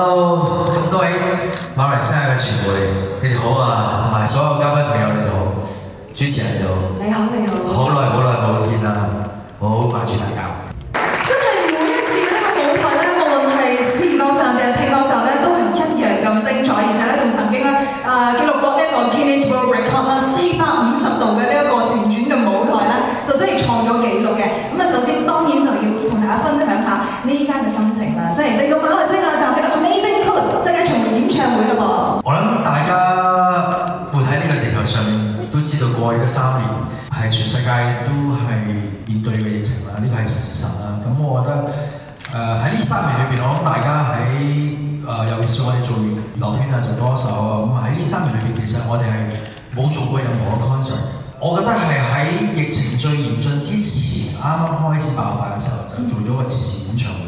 hello，咁多位馬來西亞嘅傳媒，你哋好啊，同埋所有嘉賓朋友你好，主持人你好。我 concert，我覺得係喺疫情最嚴峻之前，啱啱開始爆發嘅時候，就做咗個慈善演唱會。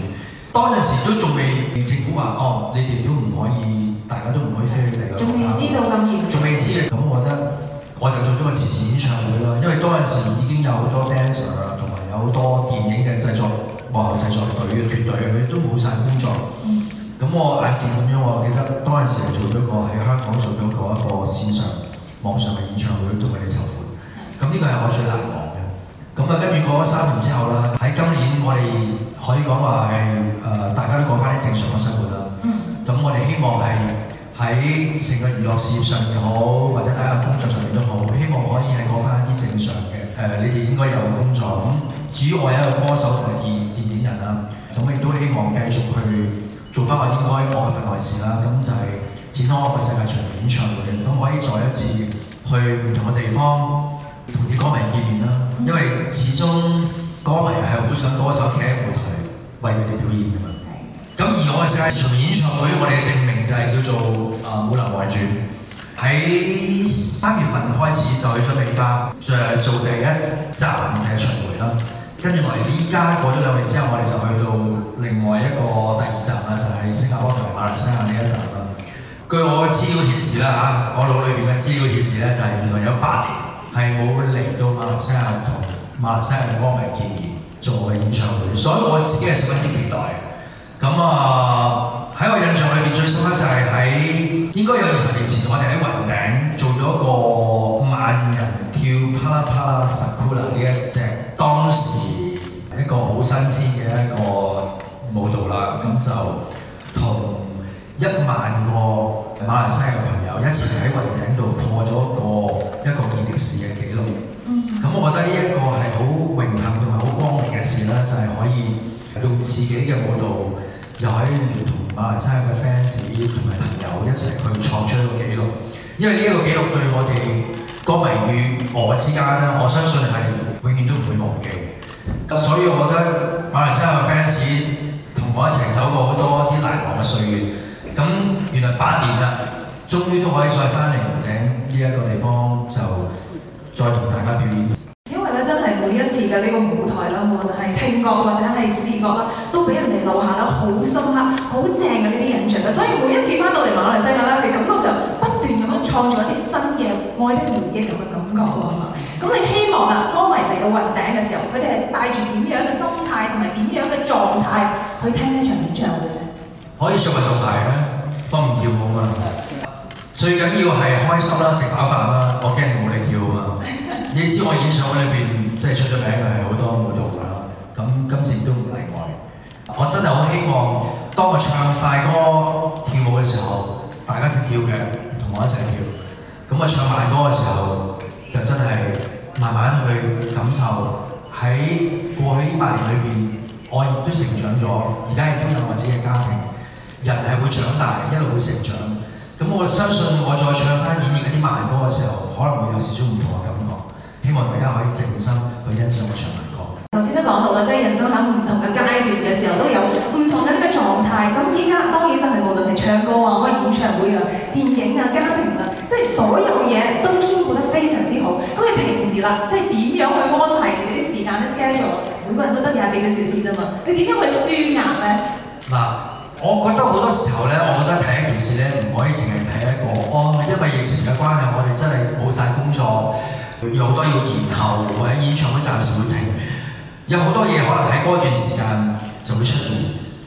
當陣時都仲未政府話哦，你哋都唔可以，大家都唔可以飛嚟。仲未知道咁嚴重，仲未知嘅。咁我覺得我就做咗個慈善唱會啦，因為當陣時已經有好多 dancer 啊，同埋有好多電影嘅製作幕後製作隊嘅團隊佢都冇晒工作。咁、嗯、我眼見咁樣，我記得當陣時做咗個喺香港做咗個一個線上網上演唱會同佢哋籌款，咁呢個係我最難忘嘅。咁啊，跟住過咗三年之後啦，喺今年我哋可以講話係誒，大家都過翻啲正常嘅生活啦。咁、嗯、我哋希望係喺成個娛樂事業上又好，或者大家工作上面都好，希望可以係過翻一啲正常嘅誒、呃，你哋應該有嘅工作。咁、嗯、至於我係一個歌手同埋電電影人啦、啊，咁亦都希望繼續去做翻我應該我嘅份內事啦。咁就係展開我嘅世界巡演演唱會，咁可以再一次。去唔同嘅地方同啲歌迷見面啦，因為始終歌迷係好想歌手企喺舞台為你哋表演嘅嘛。咁而我嘅世界巡演演唱會，我哋嘅定名就係叫做《啊武林外傳》。喺三月份開始就去咗美化，就係做第一集嘅巡迴啦。跟住我哋依家過咗兩年之後，我哋就去到另外一個第二集啦，就係新加坡同埋馬來西亞呢一集啦。據我資料顯示啦，吓，我腦裏邊嘅資料顯示咧，就係、是、原來有八年係冇嚟到馬來西亞同馬來西亞歌迷見面做嘅演唱會，所以我自己係十分之期待。咁啊，喺、呃、我印象裏邊最深刻就係喺應該有十年前，我哋喺雲頂做咗一個萬人跳 Para Para Sakura 呢一隻，當時一個好新鮮。馬來西亞嘅朋友一齊喺雲頂度破咗一個一個健力士嘅紀錄，咁、mm hmm. 我覺得呢一個係好榮幸同埋好光榮嘅事啦，就係、是、可以用自己嘅舞蹈又可以同馬來西亞嘅 fans 同埋朋友一齊去創出一個紀錄，因為呢個紀錄對我哋歌迷與我之間啦，我相信係永遠都唔會忘記。咁所以我覺得馬來西亞嘅 fans 同我一齊走過好多啲難忘嘅歲月。咁原來八年啦，終於都可以再翻嚟雲頂呢一個地方，就再同大家表演。因為咧，真係每一次嘅呢個舞台啦，無論係聽覺或者係視覺啦，都俾人哋留下得好深刻、好正嘅呢啲印象。所以每一次翻到嚟馬來西亞啦，就感覺上不斷咁樣創造一啲新嘅愛的回憶咁嘅感覺啊嘛。咁你希望啊，歌迷嚟到雲頂嘅時候，佢哋係帶住點樣嘅心態同埋點樣嘅狀態去聽呢場演唱會？可以做埋做牌啦，方便跳舞啊嘛。最緊要係開心啦，食飽飯啦。我驚你冇力跳啊嘛。你知我演唱會裏邊即係出咗名嘅係好多舞蹈啦，咁今次都唔例外。我真係好希望，當我唱快歌跳舞嘅時候，大家識跳嘅，同我一齊跳。咁我唱慢歌嘅時候，就真係慢慢去感受喺過去呢八年裏邊，我亦都成長咗。而家亦都有我自己嘅家庭。人係會長大，一路會成長。咁我相信我再唱翻演繹一啲慢歌嘅時候，可能會有少少唔同嘅感覺。希望大家可以靜心去欣賞我唱慢歌。頭先都講到啦，即係人生喺唔同嘅階段嘅時候都有唔同嘅呢個狀態。咁依家當然就係無論係唱歌啊、開演唱會啊、電影啊、家庭啊，即係所有嘢都兼顧得非常之好。咁你平時啦，即係點樣去安排自己啲時間啲 schedule？每個人都得廿四個小時咋嘛？你點樣去舒壓咧？我覺得好多時候呢，我覺得睇一件事呢，唔可以淨係睇一個。我、哦、因為疫情嘅關係，我哋真係冇晒工作，有好多要延後，或者演唱會暫時會停。有好多嘢可能喺嗰段時間就會出現，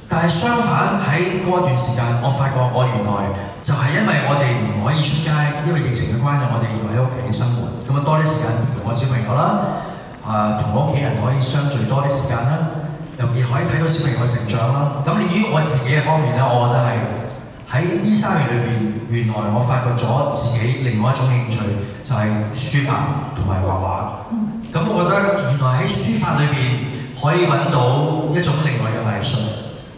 但係相反喺嗰段時間，我發覺我原來就係因為我哋唔可以出街，因為疫情嘅關係，我哋要喺屋企生活，咁啊多啲時間同我小朋友啦，啊同我屋企人可以相聚多啲時間啦。尤其可以睇到小朋友嘅成長啦。咁至於我自己嘅方面咧，我覺得係喺呢三年裏邊，原來我發掘咗自己另外一種興趣，就係、是、書法同埋畫畫。咁、嗯、我覺得原來喺書法裏邊可以揾到一種另外嘅藝術，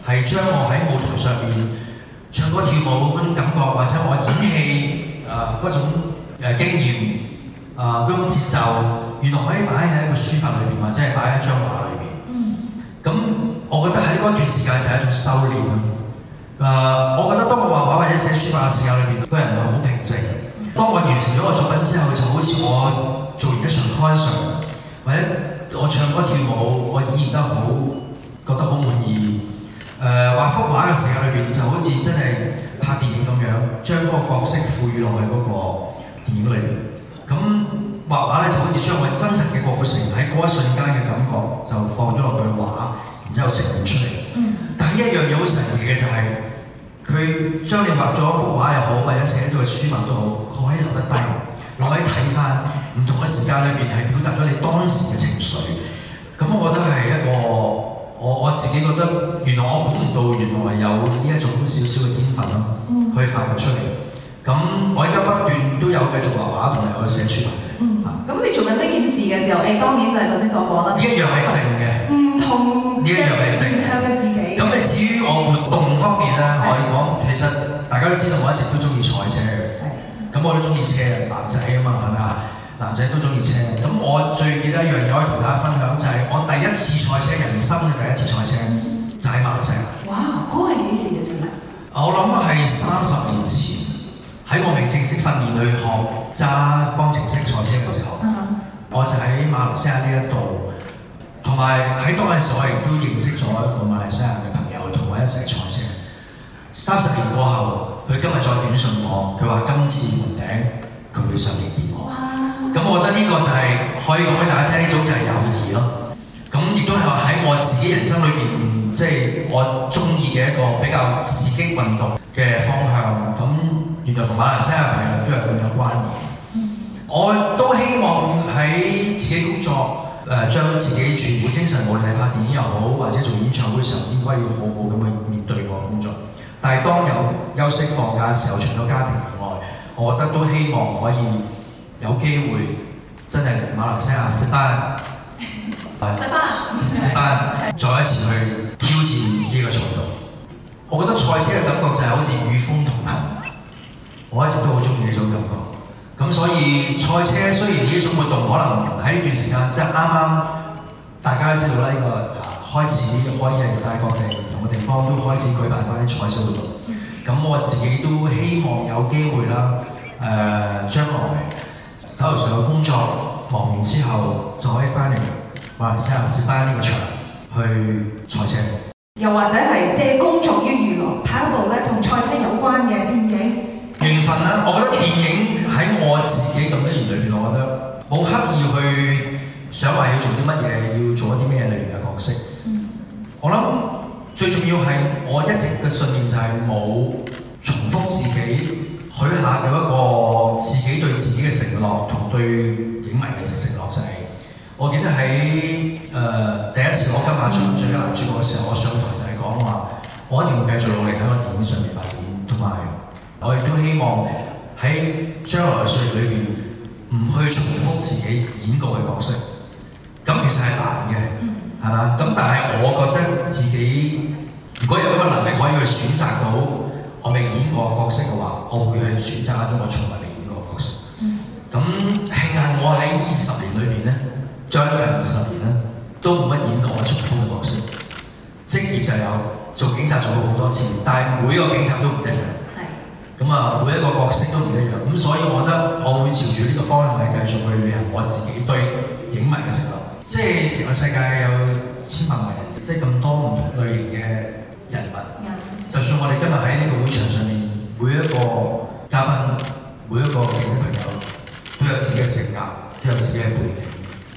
係將我喺舞台上面唱歌跳舞嗰種感覺，或者我演戲誒嗰種誒經驗啊嗰種節奏，原來可以擺喺一個書法裏邊，或者係擺一張畫。一段時間就係一種修煉啊！Uh, 我覺得當我畫畫或者寫書法嘅時候，裏邊個人係好平靜，當我完成咗個作品之後，就好似我做完一場開場，或者我唱歌跳舞，我演完都好覺得好滿意。誒、uh, 畫幅畫嘅時間裏面就好似真係拍電影咁樣，將個角色賦予落去個個電影裏面。咁畫畫咧就好似將我真實。書法都好，可以落得低，攞起睇翻唔同嘅時間裏邊係表達咗你當時嘅情緒，咁我覺得係一個，我我自己覺得原來我估唔到原來有呢一種少少嘅天分咯，去發掘出嚟。咁我而家不斷都有繼續畫畫，同埋我寫書法。嗯，咁你做緊呢件事嘅時候，你當然就係頭先所講啦，一樣係靜嘅，唔同嘅面向嘅自己。咁你至於我活動方面咧，可以講其實大家都知道我一直都中意賽車。咁我都中意車，男仔啊嘛，係咪啊？男仔都中意車。咁我最記得一樣嘢，可以同大家分享就係我第一次賽車人生嘅第一次賽車，就喺馬來西亞。哇！嗰係幾時嘅事啊？我諗係三十年前，喺我未正式訓練去學揸方程式賽車嘅時候，uh huh. 我就喺馬來西亞呢一度，同埋喺嗰陣時我亦都認識咗一個馬來西亞嘅朋友，同我一齊賽車。三十年過後。佢今日再短信我，佢話今次門頂佢會上嚟見我。咁 Wow. 我覺得呢個就係、是、可以講俾大家聽呢種，就係友誼咯。咁亦都係話喺我自己人生裏邊，即、就、係、是、我中意嘅一個比較刺激運動嘅方向。咁原來同馬來西亞朋友都係咁有關聯，mm hmm. 我都希望喺自己工作誒、呃、將自己全部精神無論係拍電影又好，或者做演唱會嘅時候，應該要好好咁去面對。但係當有休息放假嘅時候，除咗家庭以外，我覺得都希望可以有機會真係馬來西亞食翻，食翻，再一次去挑戰呢個程度。我覺得賽車嘅感覺就係好似與風同行，我一直都好鍾意呢種感覺。咁所以賽車雖然呢種活動可能喺呢段時間即係啱啱大家都知道啦、呢個，呢個開始開始嘅賽季。地方都開始舉辦翻啲賽車活動，咁我自己都希望有機會啦。誒，將來手頭上嘅工作，忙完之後就可以翻嚟，話試下試翻呢個場去賽車，又或者係借工作。係我一直嘅信念，就係冇重複自己許下有一個自己對自己嘅承諾同對影迷嘅承諾。就係我記得喺誒、呃、第一次攞金馬獎最佳男主角嘅時候，我上台就係講話我一定繼續努力喺個電影上面發展，同埋我亦都希望喺將來嘅歲月裏邊唔去重複自己演過嘅角色。咁其實係難嘅，係嘛、嗯？咁但係我覺得自己。如果有一個能力可以去選擇到我未演過嘅角色嘅話，我會去選擇一啲我從未演過嘅角色。咁慶幸我喺二十年裏邊咧，將近二十年咧，都唔會演到我重複嘅角色。職業就有做警察做過好多次，但係每個警察都唔一樣。咁啊的，每一個角色都唔一樣。咁所以我覺得，我會朝住呢個方向去繼續去履行我自己對影迷嘅承諾。即係成個世界有千百萬人，即係咁多唔同類型嘅。我哋今日喺呢個會場上面，每一個嘉賓，每一個記者朋友，都有自己嘅性格，都有自己嘅背景，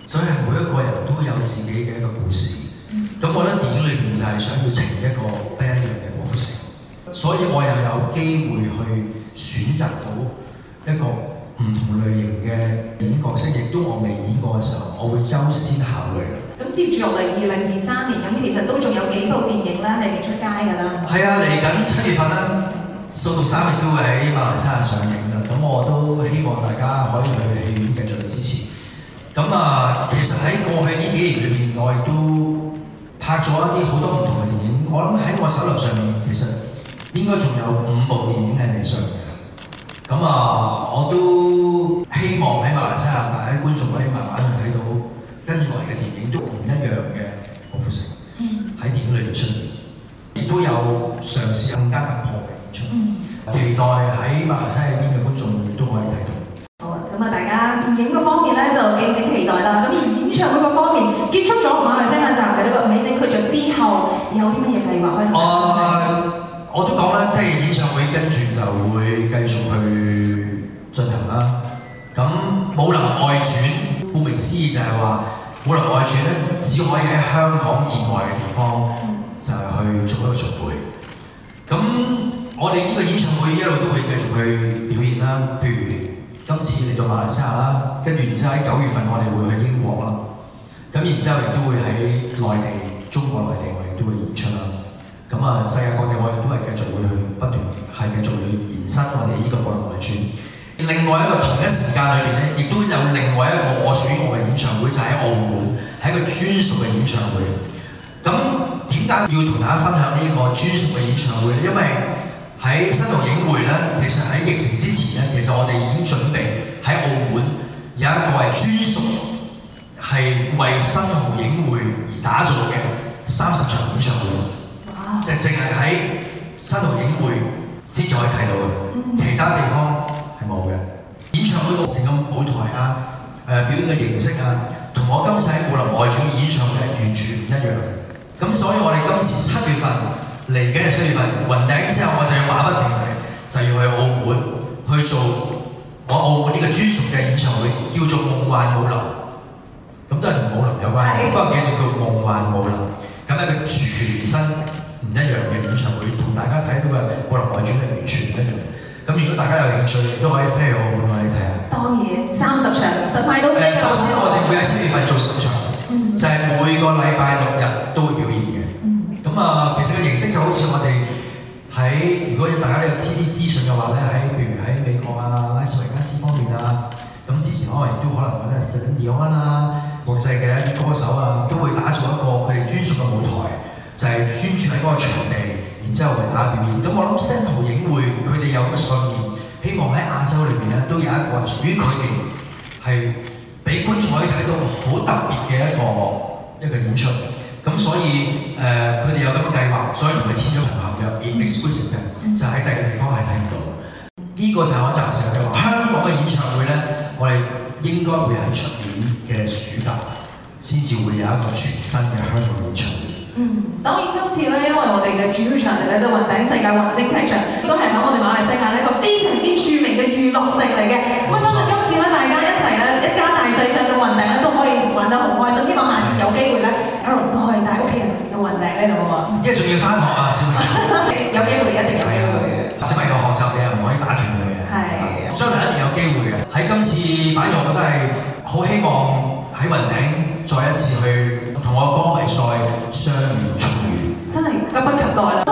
所以每一個人都有自己嘅一個故事。咁、嗯、我覺得電影裏面就係想要呈一個不一樣嘅故事，所以我又有機會去選擇到一個唔同類型嘅電影角色，亦都我未演過嘅時候，我會優先考慮。接住落嚟二零二三年，咁其實都仲有幾部電影咧係未出街㗎啦。係啊，嚟緊七月份啦，《速到三》都會喺馬來西亞上映啦。咁我都希望大家可以去戲院繼續去支持。咁啊，其實喺過去呢幾年裏面，我亦都拍咗一啲好多唔同嘅電影。我諗喺我手頭上面，其實應該仲有五部電影係未上。香港以外嘅地方就係去做一個巡迴，咁我哋呢個演唱會一路都會繼續去表演啦。譬如今次嚟到馬來西亞啦，跟住然之後喺九月份我哋會去英國啦，咁然之後亦都會喺內地、中國內地我哋都會演出啦。咁啊，世界各地我哋都係繼續會去不斷係繼續去延伸我哋呢個國際巡。另外一個同一時間裏面咧，亦都有另外一個屬於我嘅演唱會，就喺澳門，係一個專屬嘅演唱會。咁點解要同大家分享呢個專屬嘅演唱會咧？因為喺新濠影匯咧，其實喺疫情之前咧，其實我哋已經準備喺澳門有一個係專屬，係為新濠影匯而打造嘅三十場演唱會，啊，就淨係喺新濠影匯先至可以睇到嘅，其他地方。冇嘅，演唱會同成個舞台啊，誒表演嘅形式啊，同我今世喺武林外傳嘅演唱會係完全唔一樣。咁所以我哋今次七月份嚟緊係七月份雲頂之後，我就要馬不停蹄，就要去澳門去做我澳門呢個專屬嘅演唱會，叫做《夢幻武林》。咁都係同武林有關嘅，不過叫做《夢幻武林》。咁係一個全新唔一樣嘅演唱會，同大家睇到嘅《武林外傳》係完全唔一樣。咁如果大家有興趣都可以 share 我俾你睇啊！當然三十場實賣都咩？誒，首先我哋每日四月份做十場，就係、是、每個禮拜六日都會表演嘅。咁啊、嗯，其實個形式就好似我哋喺，如果大家有知啲資訊嘅話咧，喺譬如喺美國啊、拉斯維加斯方面啊，咁之前可能亦都可能揾啊 Selena 啊，國際嘅一啲歌手啊，都會打造一個佢哋專屬嘅舞台，就係、是、宣傳喺嗰個場地。之後嚟打表演，咁我諗星途影匯佢哋有個信念，希望喺亞洲入面咧都有一個係屬於佢哋，係俾觀眾可以睇到好特別嘅一個一個演出。咁所以誒，佢、呃、哋有咁嘅計劃，所以同佢簽咗合作約，in exclusive 嘅，就喺第二個地方係睇唔到。呢、這個就係我暫時嘅話，香港嘅演唱會咧，我哋應該會喺出年嘅暑假先至會有一個全新嘅香港演唱會。嗯，當然今次咧，因為我哋嘅主要場地咧就雲頂世界雲星劇場，都係喺我哋馬來西亞一個非常之著名嘅娛樂城嚟嘅。我相信今次咧，大家一齊咧，一家大細上到雲頂咧，都可以玩得好開心。希望下次有機會咧，阿龍都可以帶屋企人到雲頂呢，好唔好啊？因為仲要翻學啊，小朋友有機會一定有機會嘅。小朋友學習嘅唔可以打斷佢嘅。係啊。將來一定有機會嘅。喺今次擺渡我都係好希望喺雲頂再一次去。同阿方明帥相遇，真係急不及待啦！